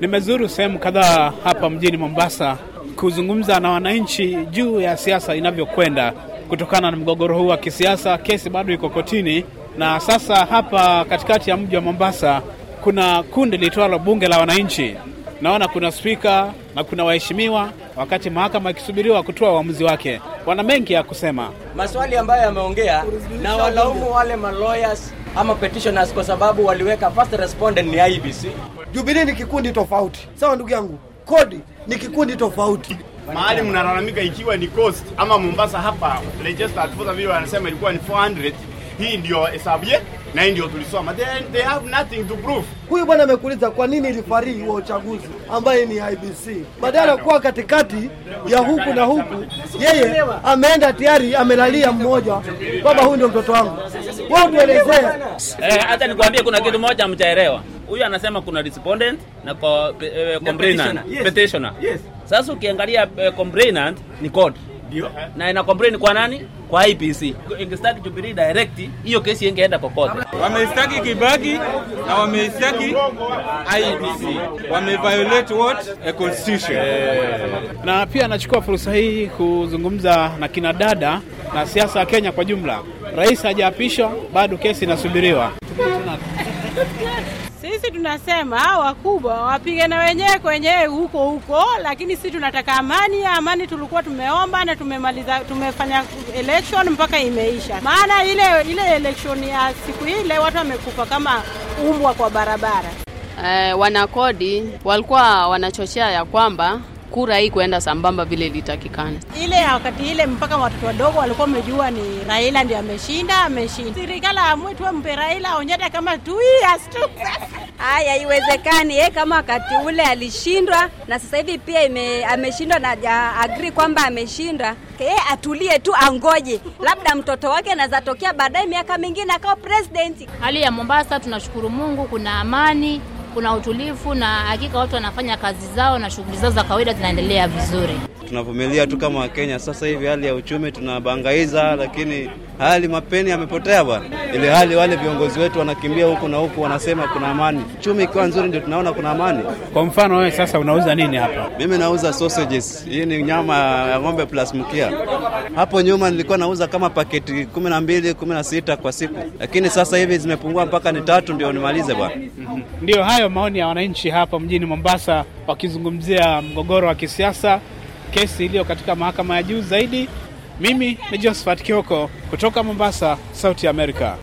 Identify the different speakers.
Speaker 1: Nimezuru sehemu kadhaa hapa mjini Mombasa kuzungumza na wananchi juu ya siasa inavyokwenda kutokana na mgogoro huu wa kisiasa. Kesi bado iko kotini, na sasa hapa katikati ya mji wa Mombasa kuna kundi litwalo Bunge la Wananchi naona kuna spika na kuna waheshimiwa, wakati mahakama ikisubiriwa kutoa uamuzi wake. Wana mengi ya kusema,
Speaker 2: maswali ambayo yameongea, na walaumu wale maloyas ama petitioners kwa sababu waliweka first respondent ni IBC.
Speaker 3: Jubilee ni kikundi tofauti, sawa ndugu yangu, kodi ni kikundi tofauti
Speaker 1: mahali mnalalamika ikiwa ni cost ama Mombasa hapa registered vile wanasema ilikuwa ni 400. Hii ndio hesabu yetu na ndio tulisoma, they, they have nothing to prove. Huyu bwana amekuuliza
Speaker 3: kwa nini ilifari huo uchaguzi ambaye ni IBC, badala kuwa katikati ya huku na huku, yeye ameenda tayari amelalia mmoja, baba huyu ndio mtoto wangu. Wewe tuelezee. Eh, hata nikwambie kuna kitu moja mtaelewa. Huyu anasema kuna respondent na co, eh, eh complainant, petitioner. Yes. Sasa ukiangalia eh, complainant ni code ndio. Na ina complain kwa nani? Kwa IPC. Ingestaki Jubilee direct, hiyo kesi ingeenda kokote. Wamestaki Kibaki na wamestaki IPC.
Speaker 1: wame violate what? A constitution. Eh. Na pia anachukua fursa hii kuzungumza na kina dada na siasa ya Kenya kwa jumla. Rais hajaapishwa bado, kesi inasubiriwa.
Speaker 2: Sisi tunasema hao wakubwa wapige na wenyewe kwenyewe huko huko, lakini sisi tunataka amani. Ya amani tulikuwa tumeomba na tumemaliza, tumefanya election mpaka imeisha. Maana ile ile election ya siku ile watu wamekufa kama umbwa kwa barabara. Eh, wanakodi walikuwa wanachochea ya kwamba kura hii kuenda sambamba vile ilitakikana. Ile wakati ile mpaka watoto wadogo walikuwa wamejua ni Raila ndi ameshinda, ameshinda. Serikali amwe tu mpe Raila onyeda kama tu Haya, iwezekani ye kama wakati ule alishindwa na sasa hivi pia ime, ameshindwa na ja, agree kwamba ameshinda. ye atulie tu angoje, labda mtoto wake anaweza tokea baadaye miaka mingine akawa president. Hali ya Mombasa tunashukuru Mungu kuna amani kuna utulivu na hakika watu wanafanya kazi zao na shughuli zao za kawaida zinaendelea vizuri
Speaker 3: tunavumilia tu kama Wakenya. Sasa hivi hali ya uchumi tunabangaiza, lakini hali mapeni yamepotea bwana, ile hali wale viongozi wetu wanakimbia huku na huku, wanasema kuna amani. Uchumi ikiwa nzuri, ndio tunaona kuna amani. Kwa mfano wewe sasa unauza nini hapa? Mimi nauza sausages, hii ni nyama ya ng'ombe plus mkia. Hapo nyuma nilikuwa nauza kama paketi kumi na mbili kumi na sita kwa siku, lakini sasa hivi zimepungua mpaka ni tatu ndio nimalize bwana.
Speaker 1: Ndiyo hayo maoni ya wananchi hapa mjini Mombasa wakizungumzia mgogoro wa kisiasa kesi iliyo katika mahakama ya juu zaidi. Mimi ni Josephat Kioko kutoka Mombasa, Sauti ya Amerika.